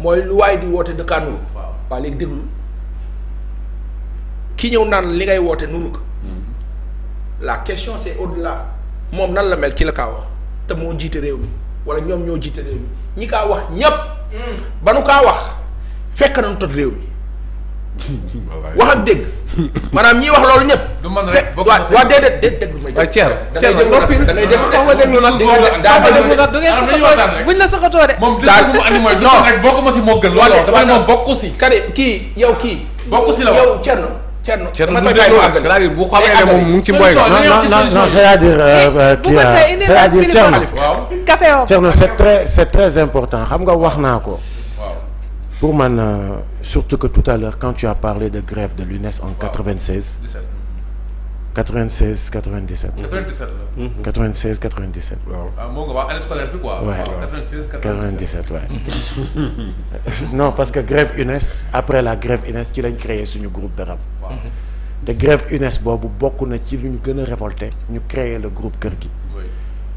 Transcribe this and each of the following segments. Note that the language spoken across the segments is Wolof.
mooy lu waay di woote dëkkaa nuru waaw léegi déglu ki ñëw naan li ngay woote nuru ko hmm. la question c'est au-delà moom nan la mel ki la kaa wax te moo jiite réew mi wala ñoom ñoo jiite réew mi ñi kaa wax ñépp hmm. ba nu kaa wax fekk nañu tot réew mi wax ak dégg maanaam ñiy wax loolu ñépp du man rek waa déedéet déedéet waaye Thierno Thierno noppi xaw ma déglu nag xaw la saxatoo de. moom déglu mu animé du si moo gën. loolu si. kari kii yow kii. bokk si la waaw yow Thierno. Thierno dama toj bu xamee ne moom mu ci mboy. non non non c'est-à-dire kii euh, euh, c'est-à-dire important xam nga wax naa ko. pour man euh, surtout que tout à l'heure quand tu as 96 97. 97 la. 96 97. waaw ah moo nga wax année scolaire bi quoi. waaw 96 97 waaw. non parce que grève UNES après la grève UNES ci lañ créé suñu groupe de rap. te grève UNES boobu bokk na ci lu ñu gën a révolté ñu créer le groupe Kër gi.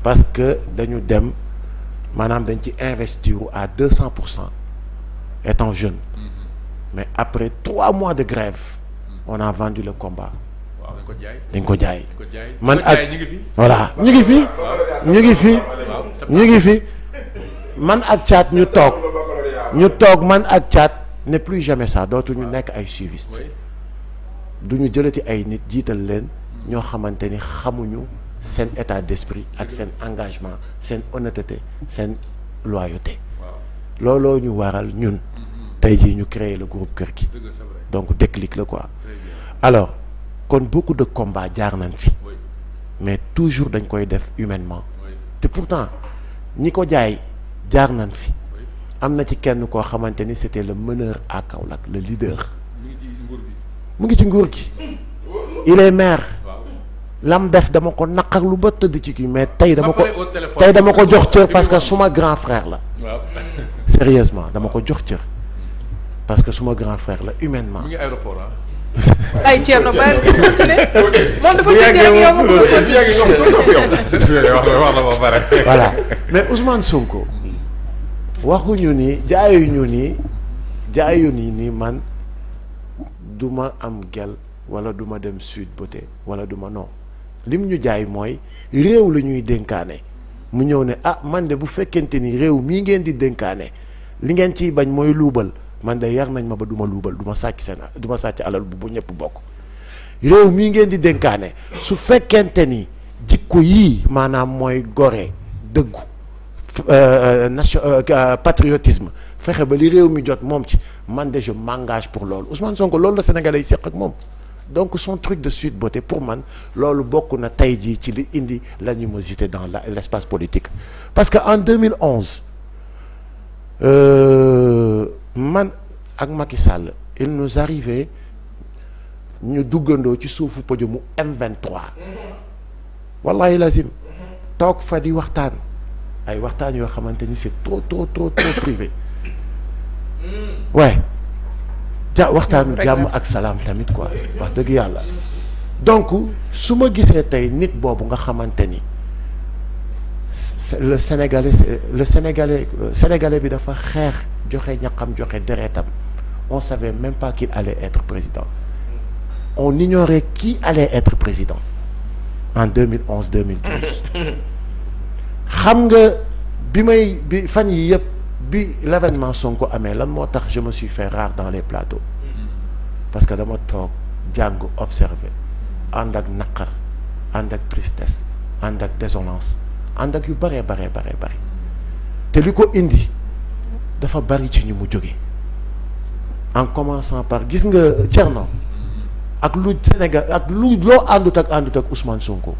parce que dañu dem maanaam dañ ci investir à 200 pour cent étant jeune. Mhm. mais après trois mois de grève mhm. on a vendu le combat. dañ ko jaay man ak voilà ñu ngi fi ñu ngi fi ñu ngi fi man ak caat ñu toog ñu toog man ak caat ne plus jamais ça dootuñu nekk ay suiviste duñu jëlati ay nit jiital leen ñoo xamante ni xamuñu seen état d'esprit ak seen engagement seen honnêteté seen loyauté looloo ñu waral ñun mm-hmm. tey jii ñu créer le groupe kër gi donc déclic la quoi alors kon beaucoup de combats jaar nañ fi mais toujours dañ koy def humainement te pourtant ñi ko jaay jaar nañ fi am na ci kenn koo xamante ni c'était le meneur à Kaolack le leader mu ngi ci nguur gi il est maire lam def dama ko naqar lu ba tëdd ci ki mais tey dama ko tey dama ko jox cër parce que suma grand frère la sérieusement dama ko jox cër parce que suma grand frère la humainement ay Thierno Ba moom dafa tëjee mais Ousmane Sonko waxuñu ni jaayuñu ni jaayuñu ni man duma am gel wala duma dem Sweet Beauté wala du ma non lim ñu jaay mooy réew la ñuy dénkaane mu ñëw ne ah man de bu fekkente ni réew mii ngeen di dénkaane li ngeen ciy bañ mooy luubal. man de yar nañ ma ba du ma luubal du ma sàcc seen du ma sàcc alal bu bu bokk réew mii ngeen di dénkaane su fekkente ni jikko yi maanaam mooy gore dëggu euh, euh, nation euh, patriotisme fexe ba li réew mi jot moom ci man de mangage pour loolu Ousmane sonk loolu la Sénégalais yi seq ak moom donc son truc de suite beauté pour man loolu bokk na tey jii ci li indi la l'animosité dans la l'espace politique parce que en 2011 euh, man ak maki sàll il nous arrivait ñu duggandoo ci suufu podiumu M23 wallahi lazim toog fa di waxtaan ay waxtaan yoo xamante ni c'est trop trop trop trop privé waaye ja waxtaanu jàmm ak salaam tamit quoi wax dëgg yàlla donc su ma gisee tey nit boobu nga xamante ni le sénégalais euh, le sénégalais euh, sénégalais bi dafa xeex joxe ñaqam joxe deretam on savait même pas qu'il allait être président on ignorait qui allait être président en 2011 2012 xam nga bi may bi fan yii yëpp bi l'événement Sonko amee lan moo tax je me suis fait rare dans les plateaux parce que dama toog jàng observer ànd ak naqar ànd ak tristesse ànd ak désolance and ak yu baree baree baree bari te li ko indi dafa bari ci ñu mu jóge en commençant par gis nga Thierno ak lu Sénégal ak lu loo àndut ak àndut ak Ousmane Sonko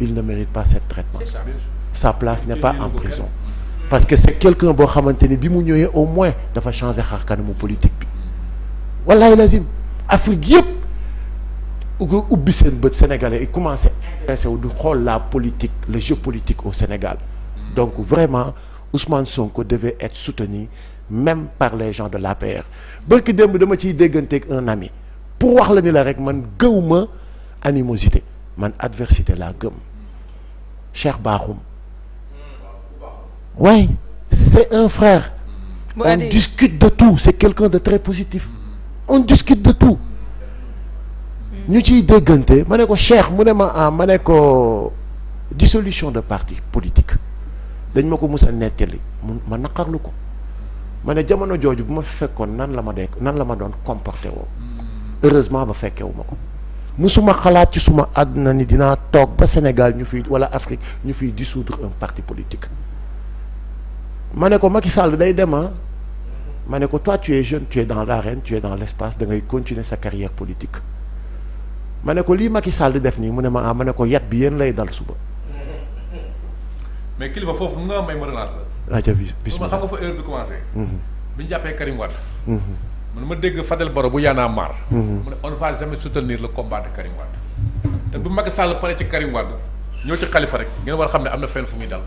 il ne mérite pas cette traitement sa place ne pas en prison parce que c'est quelqu'un boo xamante ni bi mu ñëwee au moins dafa changer xar kanamu politique bi wallaay lazim Afrique yëpp ubbi seen bët sénégalais yi commencé intéressé wu di xool la politique le jeu politique au Sénégal donc vraiment Ousmane Sonko devait être soutenu même par les gens de l'APR bërki démb dama ciy dégganteeg un ami pour wax la ni la rek man gëwuma animosité man adversité laa gëm Cheikh Bakhoum way c'est un frère mmh. on discute de tout c'est quelqu'un de très positif on discute de tout ñu ciy déggante ma ne ko Cheikh mu ne ma ah ma ne ko dissolution de parti politique dañ ma ko mus a nettali ma naqarlu ko ma ne jamono jooju bu ma fekkoon nan la ma dee nan la ma doon comporté woo heureusement ba fekkewu ma ko musuma xalaat ci suma àdduna ni dinaa toog ba Sénégal ñu fiy wala Afrique ñu fiy dissoudre un parti politique ma ne ko Macky Sall day dema ah. ma ne ko toi tu es jeune tu es dans l'arène tu es dans l'espace da ngay continuer sa carrière politique ma ne ko lii Macky Sall di def nii mu ne ma ah ma ko yat bi yéen lay dal suba. mais kilifa foofu mu nga may ma relance la. rajo ah, bi bisimilah xam nga bi commencé. Mhm. bi ñu jàppee Karim mhm. ma dégg Fadel Baro bu yaanaa maar. Mhm. mu ne on ne va jamais soutenir le combat de Karim Wade. te bu Macky Sall pare ci Karim Wade ñëw ci Khalifa rek ngeen war a xam ne am na fenn fu muy dal.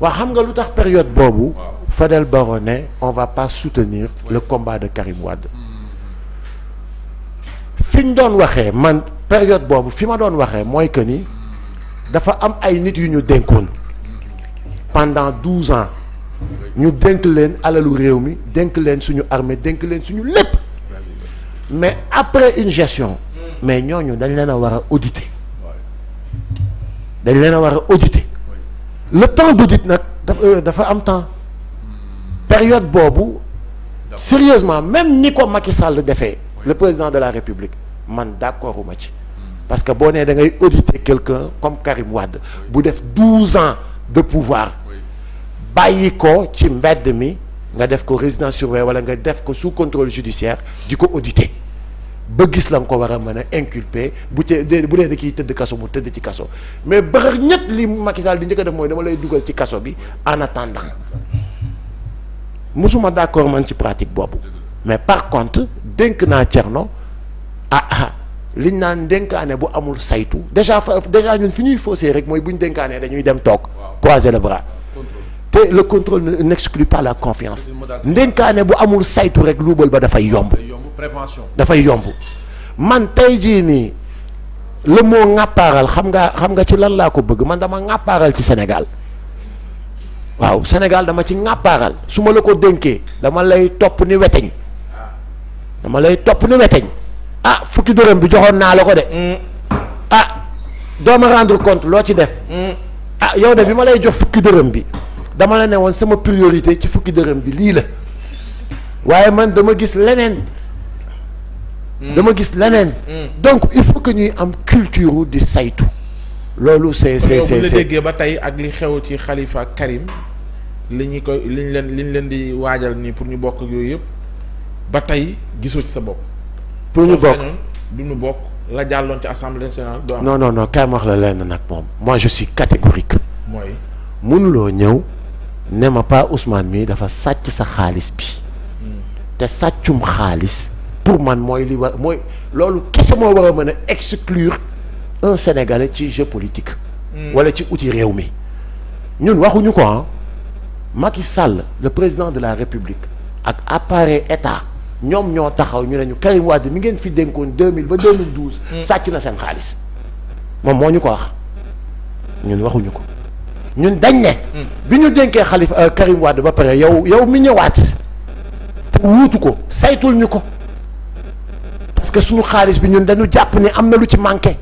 waa xam nga lu tax période boobu. Fadel Baro ne on va pas soutenir le combat de Karim Wade. fi ñu doon waxee man. période boobu fi ma doon waxee mooy que ni dafa am ay nit yu ñu dénkoon pendant douze ans ñu dénk leen alalu réew mi dénk leen suñu armée dénk leen suñu lépp mais après une gestion mais ñooñu dañ leen a war a auditer dañ leen a war a auditer le temps d'audit nag dafa euh, dafa am temps période boobu sérieusement même ni ko Macky Sall defee le président de la République man ma ci parce que boo nee da ngay auditer quelqu'un comme Karim Wade bu def douze ans de pouvoir bàyyi ko ci mbedd mi nga def ko résidence surveillée wala nga def ko sous contrôle judiciaire di ko auditer ba gis la nga ko war a mën a inculper bu te bu dee da kiy tëdd kaso mu tëdd ci kaso mais bëxër ñett li Macky Sall di njëkk a def mooy dama lay dugal ci kaso bi en attendant musuma d'accord man ci pratique boobu mais par contre dénk naa Thierno Ah, ah liñ naan dénkaane bu amul saytu déjà fa déjà ñun fi ñuy faussé rek mooy bu ñu dénkaanee dañuy dem toog croiser le bras te le contrôle n'exclut pas la confiance ndénkaane bu amul saytu rek luubal ba dafay yomb prévention dafay yomb man tey jii nii le mot ŋàppaaral xam nga xam nga ci lan laa ko bëgg man dama ŋàppaaral ci Sénégal waaw Sénégal dama ci ŋàppaaral su ma la ko dénkee dama lay topp ni weteñ ah. dama lay topp ni weteñ ah fukki dërëm bi joxoon naa la ko de. ah doo rendre compte loo ci def. ah yow de bi ma lay jox fukki dërëm bi dama la ne woon sama priorité ci fukki dërëm bi lii la waaye man dama gis leneen. dama gis leneen. donc il faut que ñuy am culture di saytu. loolu c'est c'est c'est la ba tey ak li xew ci xalifa ak Karim li ñu koy li ñu leen li leen di waajal nii pour ñu bokk yooyu yëpp ba tey gisoo ci sa bopp. pour ñu bokk du ñu bokk la jàlloon ci assemblée nationale. du am non non non kaay ma wax la lenn nag moom moi je suis catégorique. mooy mënuloo ñëw ne ma pas Ousmane mii dafa sàcc sa xaalis bi. Hmm. te sàccum xaalis. pour man mooy li war mooy loolu kese moo war a mën a exclure un sénégalais ci jeu politique. Hmm. wala ci outil réew mi. ñun waxuñu ko ah Macky Sall le président de la république ak appareil état. ñoom ñoo taxaw ñu ne ñu Karim Wade mi ngeen fi dénkoon 2000 ba 2012. Mm. sàcc na seen xaalis moom moo ñu ko wax ñun waxuñu ko ñun dañ ne. Mm. bi ñu dénkee xalifa euh, Karim Wade ba pare yow yow mi ñëwaat pour ko saytul ñu ko parce que suñu xaalis bi ñun dañu jàpp ne am na lu ci manqué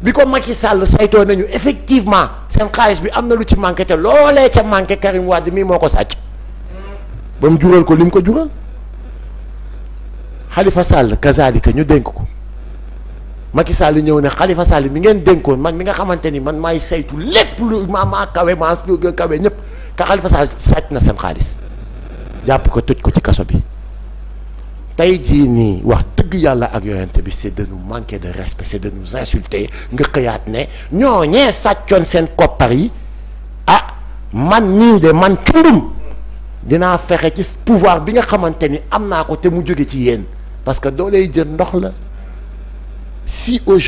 bi ko Macky sàll saytoo nañu effectivement seen xaalis bi am na lu ci manqué te loolee ca manqué Karim Wade mii moo ko sàcc ba mu jural ko li mu ko jural. Khalifa Sall kazalika ñu dénk ko Macky Sall ñëw ne Khalifa Sall mi ngeen dénkoon man mi nga xamante ni man maay saytu lépp lu ma maa kawe maa kawe ñëpp ka Khalifa Sall sàcc na seen xaalis jàpp ko tëj ko ci kaso bi tey jii nii wax dëgg yàlla ak yonente bi c'est de nous manquer de respect c'est de nous insulter nga xëyaat ne ñoo ñooñee sàccoon seen koppar yi ah man nii de man tundum dinaa fexe ci pouvoir bi nga xamante ni am naa ko te mu jóge ci yéen parce :fra que :fra dooley jën ndox la si aujourd'hui